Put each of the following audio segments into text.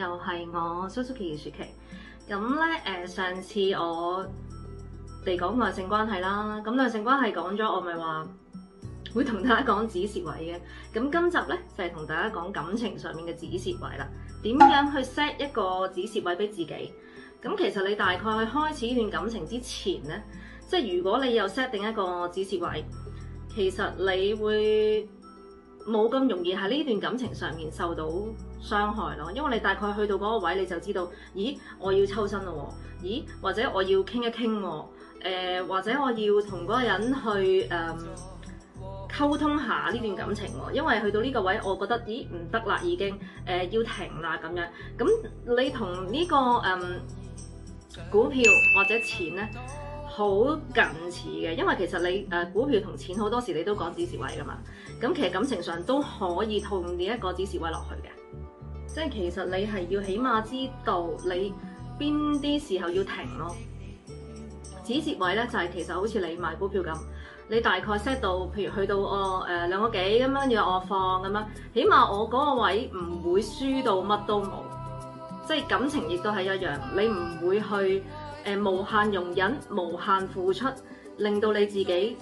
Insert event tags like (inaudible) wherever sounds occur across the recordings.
又係我 Susukiki 薯琪咁咧，誒，上次我哋講兩性關係啦，咁兩性關係講咗，我咪話會同大家講止蝕位嘅，咁今集咧就係、是、同大家講感情上面嘅止蝕位啦，點樣去 set 一個止蝕位俾自己？咁其實你大概開始呢段感情之前咧，即係如果你有 set 定一個止蝕位，其實你會冇咁容易喺呢段感情上面受到傷害咯，因為你大概去到嗰個位，你就知道，咦，我要抽身咯喎，咦，或者我要傾一傾喎、呃，或者我要同嗰個人去誒、嗯、溝通下呢段感情喎，因為去到呢個位，我覺得咦唔得啦，已經、呃、要停啦咁樣。咁你同呢、個、嗯、股票或者錢呢，好近似嘅，因為其實你、呃、股票同錢好多時你都講止蝕位㗎嘛，咁其實感情上都可以套用呢一個止蝕位落去嘅。即係其實你係要起碼知道你邊啲時候要停咯，止蝕位咧就係、是、其實好似你買股票咁，你大概 set 到，譬如去到我誒兩、呃、個幾咁樣要我放咁樣，起碼我嗰個位唔會輸到乜都冇。即係感情亦都係一樣，你唔會去誒、呃、無限容忍、無限付出，令到你自己。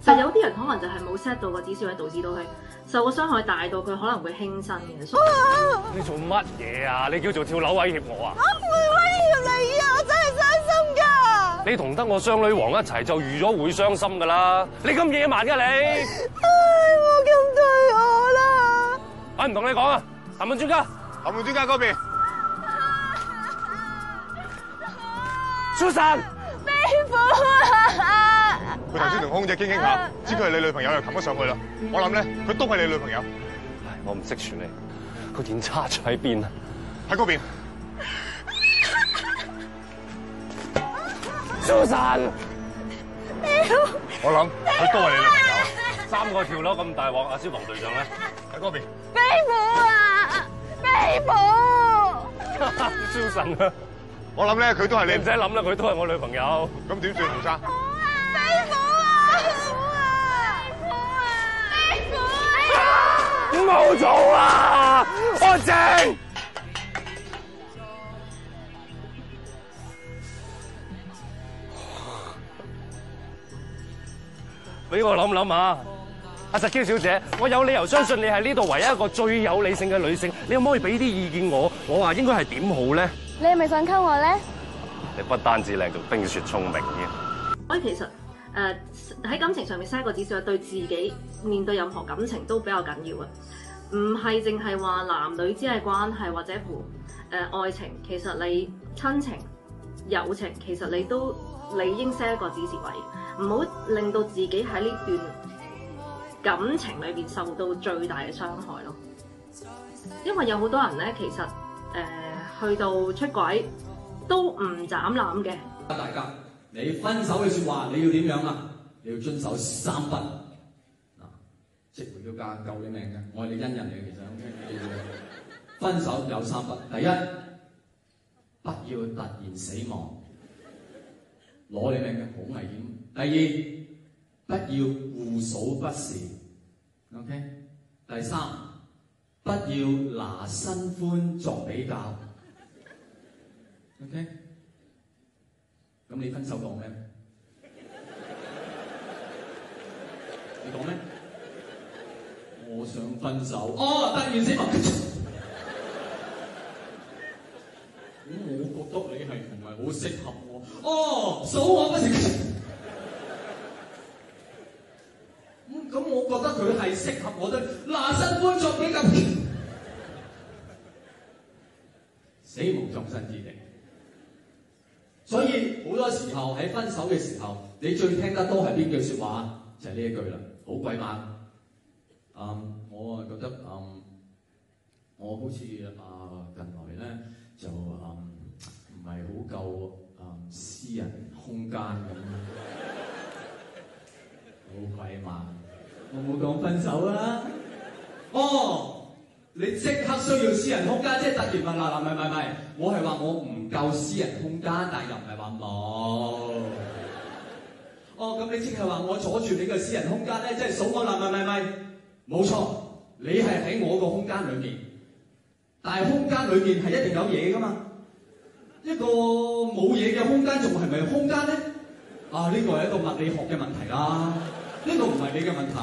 就是、有啲人可能就係冇 set 到個止蝕位，導致到佢。受個傷害大到佢可能會輕生嘅，你做乜嘢啊？你叫做跳樓威脅我啊？我唔會威脅你啊，我真係傷心噶。你同得我雙女王一齊就預咗會傷心噶啦，你咁野蠻噶你？唉，冇咁對我啦。我唔同你講啊，談判專家，談判專家嗰邊。蘇珊，師傅。佢頭先同空姐傾傾下，知佢係你女朋友又擒咗上去啦。我諗咧，佢都係你女朋友。唉，我唔識串你，佢點差咗喺邊啊？喺嗰邊。超神屌！我諗佢都係你女朋友。三個跳樓咁大鑊，阿消防隊長咧喺嗰邊 (laughs) 飛骨。被捕啊！被捕！超神啊！我諗咧，佢都係你唔使諗啦，佢都係我女朋友。咁點算，胡生？ (laughs) (laughs) (laughs) 冇嘈啊！安靜，俾 (laughs) 我諗諗啊！阿石嬌小姐，我有理由相信你係呢度唯一一個最有理性嘅女性，你可唔可以俾啲意見我？我話應該係點好咧？你係咪想溝我咧？你不單止靚，到冰雪聰明添。可其實。誒、呃、喺感情上面 set 一個指示，對自己面對任何感情都比較緊要嘅，唔係淨係話男女之間關係或者乎誒、呃、愛情，其實你親情、友情，其實你都理應 set 一個指示位，唔好令到自己喺呢段感情裏邊受到最大嘅傷害咯。因為有好多人咧，其實誒、呃、去到出軌都唔斬纜嘅。大家。你分手嘅説話，你要點樣啊？你要遵守三不嗱，即係回家救你命嘅，我係你恩人嚟嘅。其實，OK，分手有三不：第一，不要突然死亡，攞你命嘅好危險；第二，不要互數不是，OK；第三，不要拿新歡作比較，OK。咁你分手講咩？你講咩？我想分手。哦，但願先，咁我覺得你係唔係好適合我？哦，數我不是。咁咁，我覺得佢係適合我的。嗱，新歡作比較，死無葬身之地。喺、哦、分手嘅時候，你最聽得多係邊句說話？就係、是、呢一句啦，好鬼猛。啊，我啊覺得啊，我好似啊近來咧就啊唔係好夠啊私人空間咁，好鬼猛！嗯、我冇講、嗯啊嗯嗯、 (laughs) 分手啊！ (laughs) 哦，你即刻需要私人空間，即係突然問嗱嗱，唔係唔係，我係話我唔。夠私人空間，但又唔係話冇。哦，咁你即係話我阻住你個私人空間咧，即係數我啦？咪咪咪，冇錯，你係喺我個空間裏邊，但係空間裏邊係一定有嘢噶嘛？一個冇嘢嘅空間仲係咪空間咧？啊，呢個係一個物理學嘅問題啦，呢個唔係你嘅問題。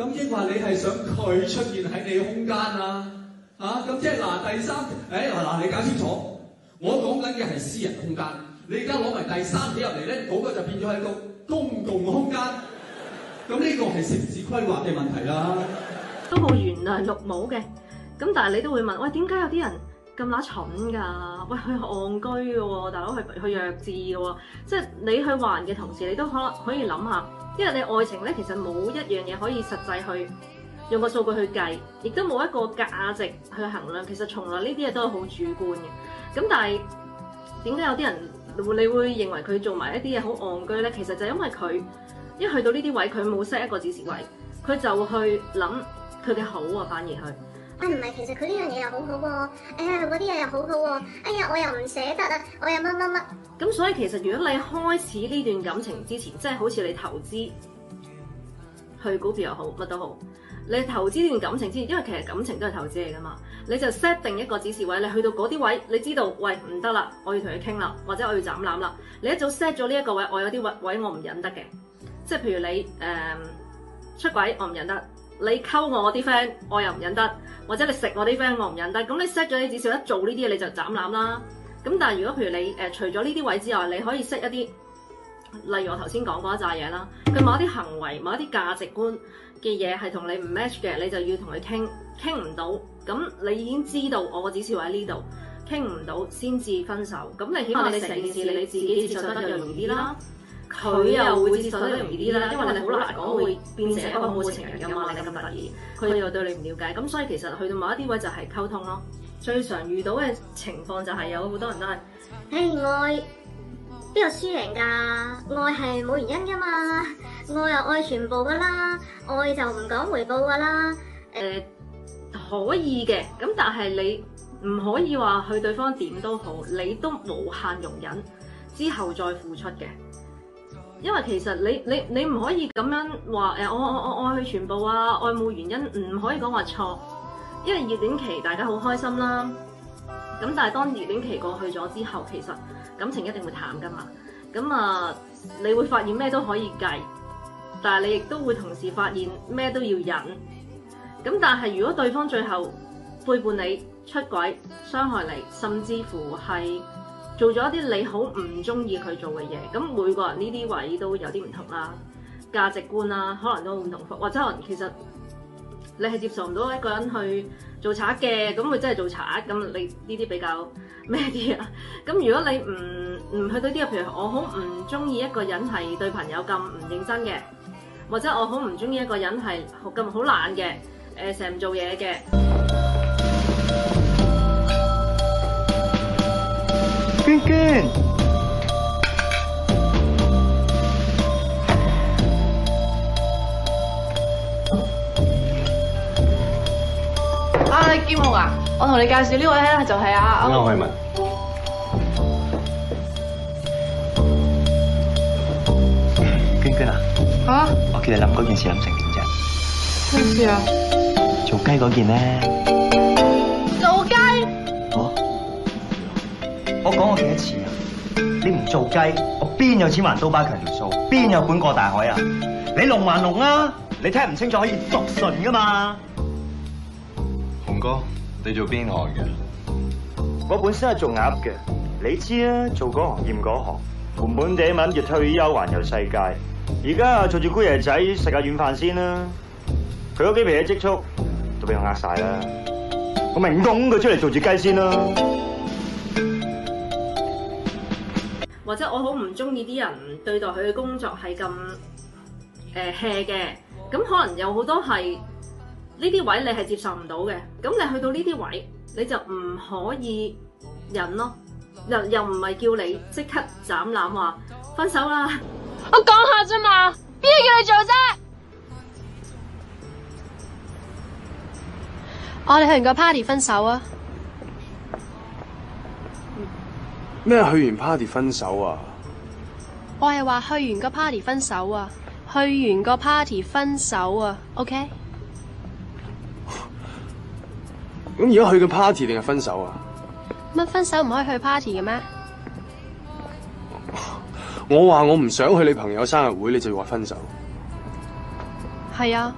咁即係話你係想佢出現喺你嘅空間啊？啊，咁即係嗱，第三，誒嗱嗱你搞清楚，我講緊嘅係私人空間，你而家攞埋第三者入嚟咧，嗰個就變咗係一個公共空間，咁呢個係城市規劃嘅問題啦。都冇原諒綠帽嘅，咁但係你都會問，喂，點解有啲人咁乸蠢㗎？喂佢戇居嘅喎，大佬係佢弱智嘅喎，即係你去還嘅同時，你都可可以諗下，因為你愛情咧其實冇一樣嘢可以實際去。用個數據去計，亦都冇一個價值去衡量。其實從來呢啲嘢都係好主觀嘅。咁但係點解有啲人會你會認為佢做埋一啲嘢好戇居咧？其實就係因為佢一去到呢啲位，佢冇 set 一個指示位，佢就去諗佢嘅好啊。反而去啊唔係，其實佢呢樣嘢又好好喎，哎呀嗰啲嘢又好好喎，哎呀我又唔捨得啊，我又乜乜乜咁。什麼什麼，所以其實如果你開始呢段感情之前，即係好似你投資去股票又好，乜都好。你投資呢段感情先，因為其實感情都係投資嚟㗎嘛。你就 set 定一個止蝕位，你去到嗰啲位，你知道喂，唔得啦，我要同佢傾啦，或者我要斬纜啦。你一早 set 咗呢一個位，我有啲位位我唔忍得嘅，即係譬如你、嗯、出軌我唔忍得，你溝我啲 friend 我又唔忍得，或者你食我啲 friend 我唔忍得。咁你 set 咗你止蝕，一做呢啲嘢，你就斬纜啦。咁但係如果譬如你、呃、除咗呢啲位之外，你可以 set 一啲。例如我頭先講嗰一紮嘢啦，佢某一啲行為，某一啲價值觀嘅嘢係同你唔 match 嘅，你就要同佢傾，傾唔到，咁你已經知道我嘅止蝕位喺呢度，傾唔到先至分手，咁你起碼你成件事你自己接受得容易啲啦，佢又會接受得容易啲啦，因為你好難講會變成一個母情人咁樣嘅咁突然，佢又對你唔了解，咁所以其實去到某一啲位就係溝通咯，最常遇到嘅情況就係有好多人都係，嘿愛。邊有輸贏噶？愛係冇原因噶嘛？愛又愛全部噶啦，愛就唔講回報噶啦。誒、呃，可以嘅，咁但係你唔可以話去對方點都好，你都無限容忍之後再付出嘅。因為其實你你你唔可以咁樣話誒、呃，我我我愛佢全部啊，愛冇原因，唔可以講話錯。因為熱戀期大家好開心啦，咁但係當熱戀期過去咗之後，其實。感情一定會淡噶嘛，咁啊，你會發現咩都可以計，但係你亦都會同時發現咩都要忍。咁但係如果對方最後背叛你、出軌、傷害你，甚至乎係做咗一啲你好唔中意佢做嘅嘢，咁每個人呢啲位都有啲唔同啦，價值觀啦，可能都唔同。或者可能其實。你係接受唔到一個人去做賊嘅，咁佢真係做賊，咁你呢啲比較咩啲啊？咁如果你唔唔去對啲，譬如我好唔中意一個人係對朋友咁唔認真嘅，或者我好唔中意一個人係咁好懶嘅，誒成日唔做嘢嘅。娟娟。我同你介紹呢位咧，就係阿歐。歐海文。娟娟啊？嚇、啊啊！我叫你諗嗰件事諗成點啫？咩事是是啊？做雞嗰件咧。做雞？嚇、哦！我講過幾多次啊？你唔做雞，我邊有錢還刀疤強條數？邊有本過大海啊？你龍還龍啊？你聽唔清楚可以作順噶嘛？洪哥。你做邊行嘅？我本身係做鴨嘅，你知啦，做嗰行厭嗰行，本本地穩住退休環遊世界，而家做住姑爺仔食下軟飯先啦。佢嗰幾皮嘅積蓄都俾我呃晒啦，我明公佢出嚟做住雞先啦。或者我好唔中意啲人對待佢嘅工作係咁誒 hea 嘅，咁、呃、可能有好多係。呢啲位你係接受唔到嘅，咁你去到呢啲位你就唔可以忍咯，又又唔係叫你即刻斬纜話分手啦，我講下啫嘛，邊叫你做啫？ (music) 我哋去完個 party 分手啊？咩？去完 party 分手啊？我係話去完個 party 分手啊，去完個 party 分手啊，OK？咁而家去個 party 定係分手啊？乜分手唔可以去 party 嘅咩？我話我唔想去你朋友生日會，你就要話分手？係啊！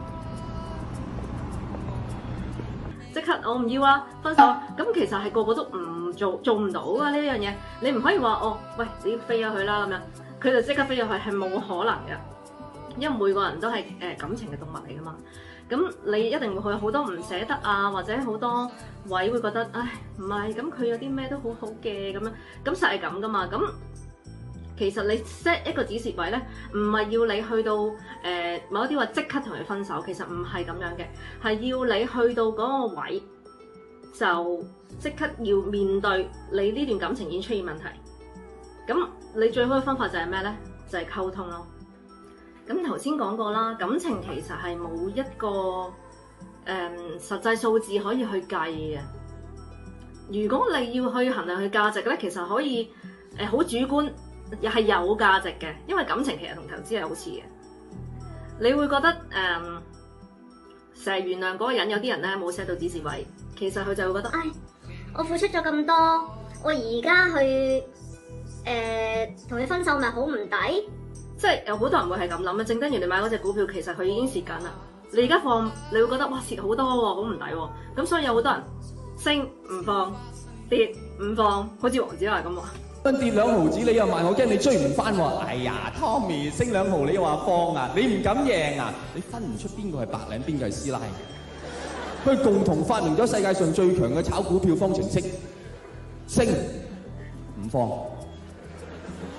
即刻我唔要啊。分手。咁其實係個個都唔做做唔到啊，呢樣嘢。你唔可以話哦，喂，你要飛咗去啦咁樣，佢就即刻飛咗去，係冇可能嘅。因為每個人都係誒、呃、感情嘅動物嚟噶嘛。咁你一定會去好多唔捨得啊，或者好多位會覺得，唉，唔係，咁佢有啲咩都好好嘅咁樣，咁實係咁噶嘛。咁其實你 set 一個止蝕位咧，唔係要你去到誒某一啲話即刻同佢分手，其實唔係咁樣嘅，係要你去到嗰個位就即刻要面對你呢段感情已經出現問題。咁你最好嘅方法就係咩咧？就係溝通咯。咁頭先講過啦，感情其實係冇一個誒、嗯、實際數字可以去計嘅。如果你要去衡量佢價值咧，其實可以誒好、呃、主觀，又係有價值嘅，因為感情其實同投資係好似嘅。你會覺得誒成日原諒嗰個人，有啲人咧冇寫到指示位，其實佢就會覺得，唉、哎，我付出咗咁多，我而家去誒同你分手咪好唔抵？即係有好多人會係咁諗啊！正登月你買嗰隻股票，其實佢已經蝕緊啦。你而家放，你會覺得哇，蝕好多喎，好唔抵喎。咁所以有好多人升唔放，跌唔放，好似黃子華咁話。分跌兩毫子，你又賣，我驚你追唔翻喎。哎呀，Tommy 升兩毫，你又話放啊？你唔敢贏啊？你分唔出邊個係白領、邊個係師奶嘅？佢 (laughs) 共同發明咗世界上最強嘅炒股票方程式：升唔放，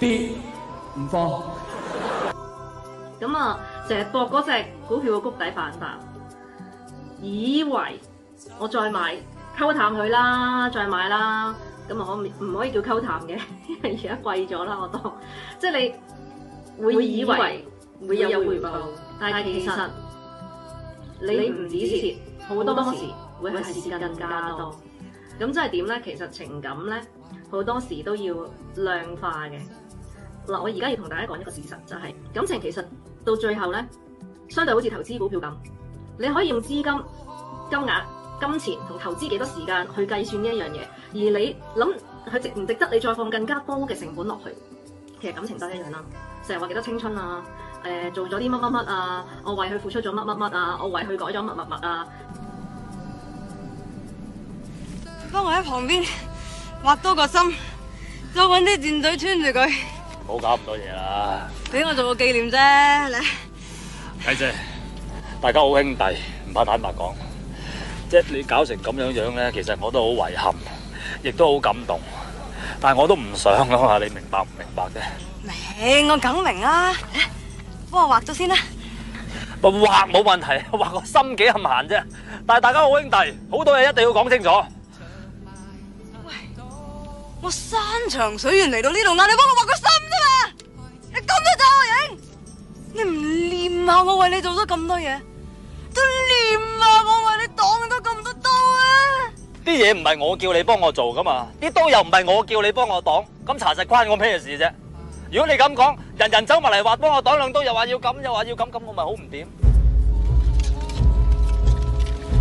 跌唔放。咁、嗯、啊，成日搏嗰隻股票嘅谷底反彈，以為我再買，溝淡佢啦，再買啦，咁啊可唔可以叫溝淡嘅？因為而家貴咗啦，我當，即係你會以為會有回報，會會有回報但係其實你唔止蝕，好多時會蝕更加多。咁即係點咧？其實情感咧，好多時都要量化嘅。嗱，我而家要同大家講一個事實，就係、是、感情其實。到最後咧，相對好似投資股票咁，你可以用資金、金額、金錢同投資幾多時間去計算呢一樣嘢，而你諗佢值唔值得你再放更加多嘅成本落去？其實感情都一樣啦，成日話幾多青春啊，誒、呃，做咗啲乜乜乜啊，我為佢付出咗乜乜乜啊，我為佢改咗乜乜乜啊，幫我喺旁邊畫多個心，再搵啲箭嘴穿住佢，唔好搞咁多嘢啦。俾我做個紀念啫，你。家姐，大家好兄弟，唔怕坦白講，即係你搞成咁樣樣咧，其實我都好遺憾，亦都好感動，但係我都唔想噶嘛，你明白唔明白啫？明，我梗明啦。幫我畫咗先啦。畫冇問題，畫個心幾咁閒啫。但係大家好兄弟，好多嘢一定要講清楚。喂，我山長水遠嚟到呢度，嗌你幫我畫個心啫嘛。咁多刀我影，你唔念下我為你做咗咁多嘢，都念下我為你擋咗咁多刀啊！啲嘢唔係我叫你幫我做噶嘛，啲刀又唔係我叫你幫我擋，咁查實關我咩事啫？如果你咁講，人人走埋嚟話幫我擋兩刀，又話要咁，又話要咁，咁我咪好唔掂？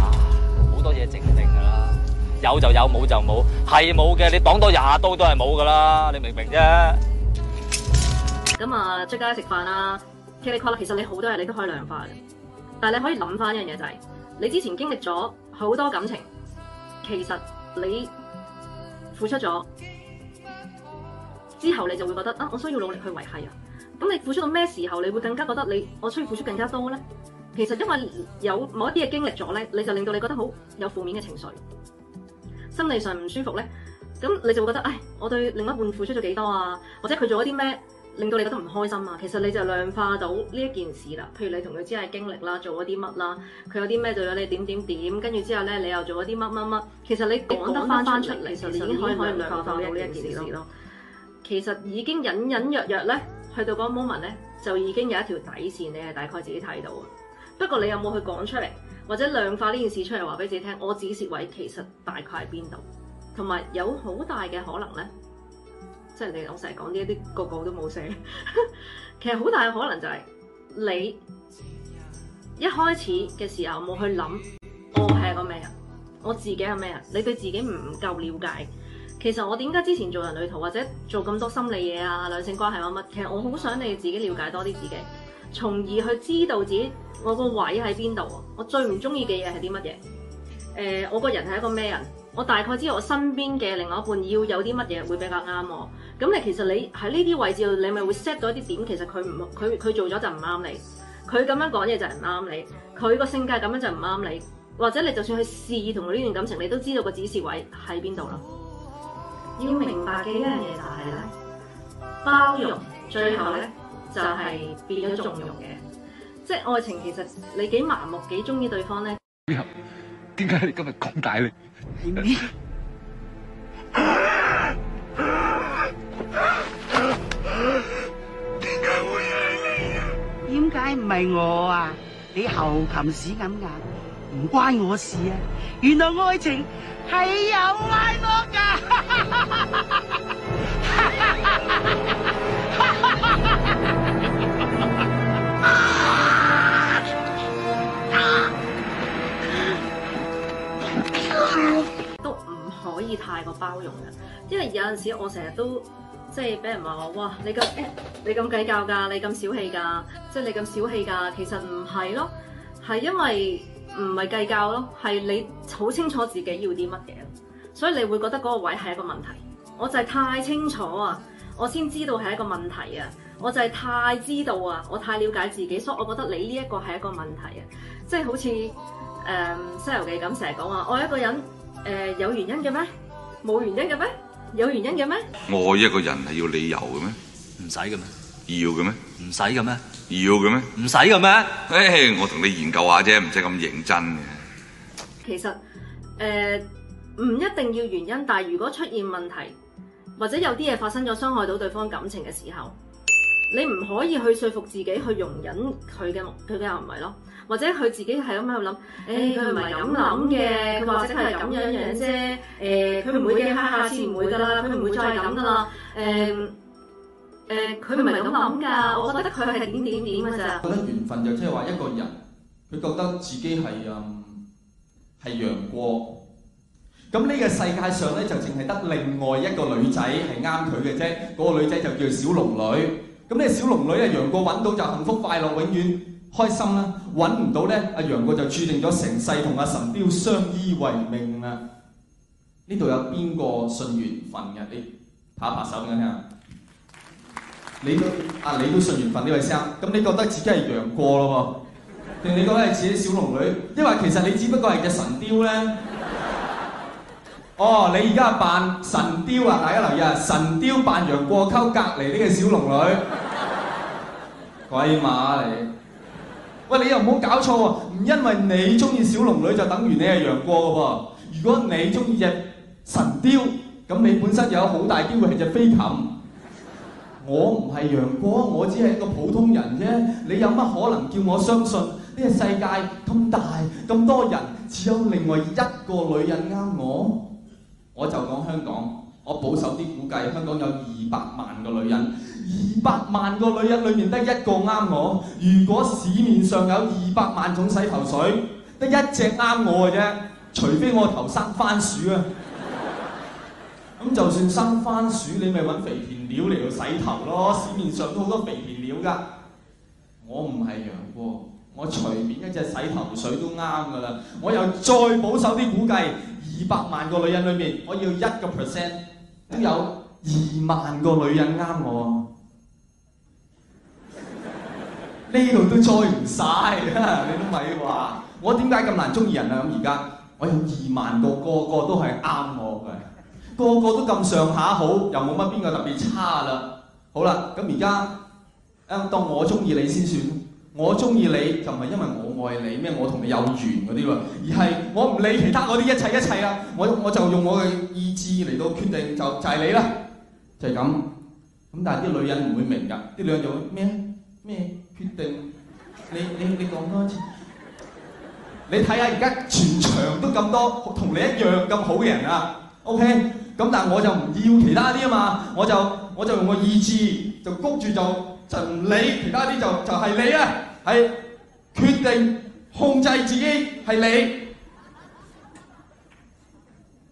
啊，好多嘢整定噶啦，有就有，冇就冇，係冇嘅，你擋到廿刀都係冇噶啦，你明唔明啫？咁啊，出街食飯啊，其實你其實你好多嘢你都可以量化嘅。但係你可以諗翻一樣嘢就係你之前經歷咗好多感情，其實你付出咗之後，你就會覺得啊，我需要努力去維係啊。咁你付出到咩時候，你會更加覺得你我需要付出更加多咧？其實因為有某一啲嘢經歷咗咧，你就令到你覺得好有負面嘅情緒，心理上唔舒服咧。咁你就會覺得唉，我對另一半付出咗幾多啊？或者佢做咗啲咩？令到你覺得唔開心啊！其實你就量化到呢一件事啦。譬如你同佢之間嘅經歷啦，做咗啲乜啦，佢有啲咩就有你點點點，跟住之後咧，你又做咗啲乜乜乜。其實你講得翻翻出嚟，其實你已經可以量化到呢一件事咯。其實已經隱隱約約咧，去到嗰 moment 咧，就已經有一條底線，你係大概自己睇到啊。不過你有冇去講出嚟，或者量化呢件事出嚟話俾自己聽？我止蝕位其實大概喺邊度，同埋有好大嘅可能咧。即係你，我成日講呢一啲個個都冇寫，其實好大嘅可能就係你一開始嘅時候冇去諗，我係個咩人，我自己係咩人，你對自己唔夠了解。其實我點解之前做人類圖，或者做咁多心理嘢啊、兩性關係啊乜，其實我好想你自己了解多啲自己，從而去知道自己我個位喺邊度啊，我最唔中意嘅嘢係啲乜嘢？誒，我個人係一個咩人？我大概知道我身邊嘅另外一半要有啲乜嘢會比較啱我，咁你其實你喺呢啲位置，你咪會 set 到一啲點，其實佢唔佢佢做咗就唔啱你，佢咁樣講嘢就唔啱你，佢個性格咁樣就唔啱你，或者你就算去試同佢呢段感情，你都知道個止蝕位喺邊度啦。要明白嘅一樣嘢就係包容最後咧就係、是、變咗縱容嘅、就是，即係愛情其實你幾麻木幾中意對方咧。嗯點解你今日咁大力？點解唔係我啊？你猴琴屎咁㗎？唔關我事啊！原來愛情係有愛多㗎。一個包容嘅，因為有陣時我成日都即係俾人話我哇，你咁你咁計較噶你咁小氣噶即係你咁小氣噶其實唔係咯，係因為唔係計較咯，係你好清楚自己要啲乜嘢，所以你會覺得嗰個位係一個問題。我就係太清楚啊，我先知道係一個問題啊。我就係太知道啊，我太了解自己，所以我覺得你呢一個係一個問題啊。即係好似誒《西遊記》咁，成日講話愛一個人誒有原因嘅咩？冇原因嘅咩？有原因嘅咩？愛一個人係要理由嘅咩？唔使嘅咩？要嘅咩？唔使嘅咩？要嘅咩？唔使嘅咩？誒，我同你研究下啫，唔使咁認真嘅。其實誒，唔一定要原因，但係如果出現問題，或者有啲嘢發生咗傷害到對方感情嘅時候，你唔可以去說服自己去容忍佢嘅目佢嘅行為咯。或者佢自己係咁喺度諗，誒佢唔係咁諗嘅，佢或者係咁樣樣啫。誒佢唔會嘅，下下次唔會噶啦，佢唔會再咁噶啦。誒誒佢唔係咁諗噶，我覺得佢係點點點㗎咋。我覺得緣分就即係話一個人，佢覺得自己係嗯係楊過，咁呢個世界上咧就淨係得另外一個女仔係啱佢嘅啫。嗰個女仔就叫做小龍女，咁呢個小龍女咧，楊過揾到就幸福快樂永遠。開心啦，揾唔到咧，阿楊過就註定咗成世同阿神雕相依為命啊！呢度有邊個信緣分嘅？你拍一拍手俾我聽下！你都啊，你都信緣分呢位生？咁你覺得自己係楊過咯喎？定你覺得係自己小龍女？因為其實你只不過係隻神雕咧。哦，你而家扮神雕啊！大家留意啊，神雕扮楊過溝隔離呢個小龍女，鬼馬你！喂！你又唔好搞錯喎，唔因為你中意小龍女就等於你係楊過嘅噃。如果你中意隻神雕，咁你本身有好大機會係隻飛禽。我唔係楊過，我只係一個普通人啫。你有乜可能叫我相信呢個世界咁大咁多人，只有另外一個女人啱我？我就講香港，我保守啲估計，香港有二百萬個女人。二百萬個女人裏面得一個啱我。如果市面上有二百萬種洗頭水，得一隻啱我嘅啫。除非我頭生番薯啊！咁就算生番薯，你咪揾肥田料嚟到洗頭咯。市面上都好多肥田料噶。我唔係楊過，我隨便一隻洗頭水都啱噶啦。我又再保守啲估計，二百萬個女人裏面，我要一個 percent 都有。二萬個女人啱我，呢度都再唔曬，你都咪話我點解咁難中意人啊？咁而家我有二萬個，個個都係啱我嘅，個個都咁上下好，又冇乜邊個特別差啦。好啦，咁而家誒，當我中意你先算，我中意你就唔係因為我愛你咩，我同你有緣嗰啲咯，而係我唔理其他嗰啲一切一切啦，我我就用我嘅意志嚟到決定就就係你啦。就係咁，咁但係啲女人唔會明㗎，啲兩種咩咩決定？你你你講多次，你睇下而家全場都咁多同你一樣咁好嘅人啊，OK？咁但係我就唔要其他啲啊嘛，我就我就用個意志就谷住做，就唔理其他啲就就係你啦，係決定控制自己係你。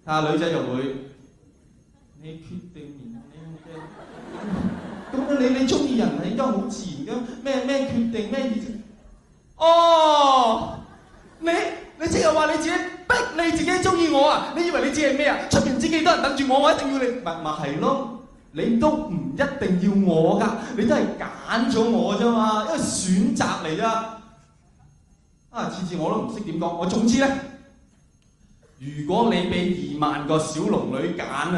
下女仔就會你決定唔。你你中意人係應該好自然噶，咩咩決定咩意思？哦，你你即係話你自己逼你自己中意我啊？你以為你自己係咩啊？出邊知幾多人等住我？我一定要你咪咪係咯，你都唔一定要我噶，你都係揀咗我啫嘛，因為選擇嚟啫。啊，次次我都唔識點講。我總之咧，如果你俾二萬個小龍女揀啊，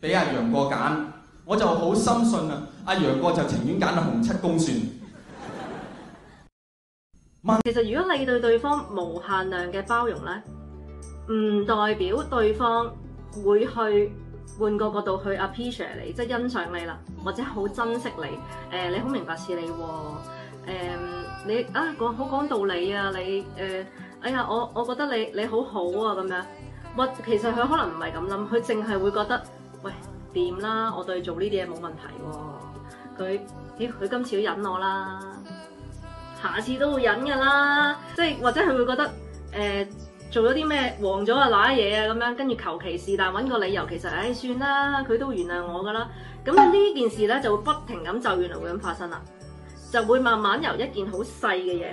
俾阿楊過揀。我就好深信啊，阿、啊、楊哥就情願揀洪七公算。其實如果你對對方無限量嘅包容呢，唔代表對方會去換個角度去 appreciate 你，即係欣賞你啦，或者好珍惜你。誒、呃，你好明白事理喎。你啊講好講道理啊，你誒、呃，哎呀，我我覺得你你好好啊咁樣。我其實佢可能唔係咁諗，佢淨係會覺得喂。掂啦，我對做呢啲嘢冇問題喎、哦。佢，妖佢今次都忍我啦，下次都會忍噶啦。即係或者佢會覺得，誒、呃，做咗啲咩，黃咗啊，瀨嘢啊咁樣，跟住求其是但揾個理由，其實，唉、哎，算啦，佢都原諒我噶啦。咁呢件事咧就會不停咁就原來會咁發生啦，就會慢慢由一件好細嘅嘢，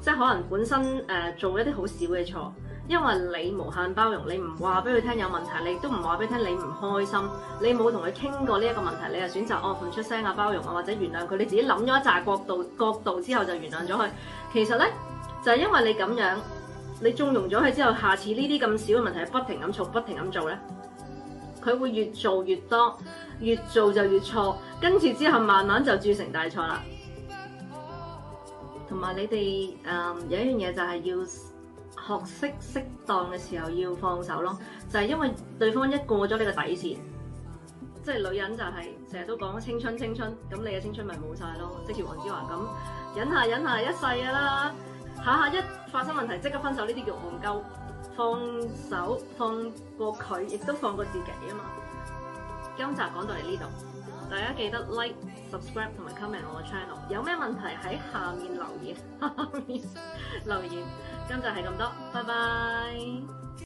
即係可能本身誒、呃、做一啲好少嘅錯。因為你無限包容，你唔話俾佢聽有問題，你都唔話俾佢聽你唔開心，你冇同佢傾過呢一個問題，你又選擇哦唔出聲啊包容啊或者原諒佢，你自己諗咗一紮角度角度之後就原諒咗佢。其實呢，就係、是、因為你咁樣，你縱容咗佢之後，下次呢啲咁少嘅問題不停咁嘈，不停咁做呢，佢會越做越多，越做就越錯，跟住之後慢慢就鑄成大錯啦。同埋你哋、嗯、有一樣嘢就係要。學識適當嘅時候要放手咯，就係、是、因為對方一過咗呢個底線，即係女人就係成日都講青春青春，咁你嘅青春咪冇晒咯，即係黃子華咁忍下忍下一世噶啦，下下一發生問題即刻分手呢啲叫戇鳩，放手放過佢，亦都放過自己啊嘛。今集講到嚟呢度，大家記得 like、subscribe 同埋 comment 我嘅 channel，有咩問題喺下面留言，下面留言。 (laughs) 今日係咁多，拜拜。